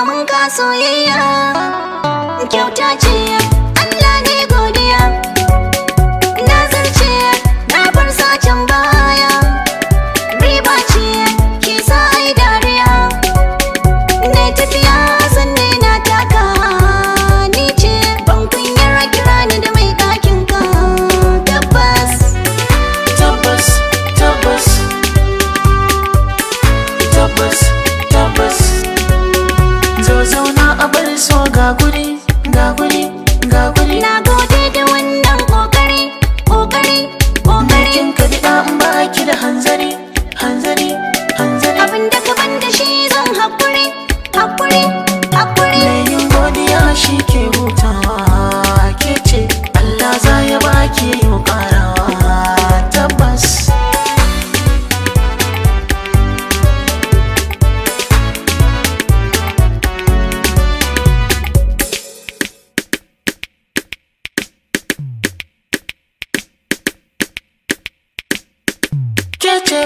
samun ka soyayya kyauta ce Allah ne godiya na zarce na bar sacen baya riba ce ke sa ai dariya na tafiya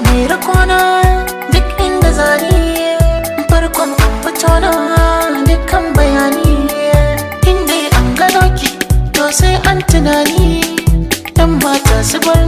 mai rikona duk inda zari farkon fitona dukkan bayani inda an gano ki to sai an tunani dan ba ta zubar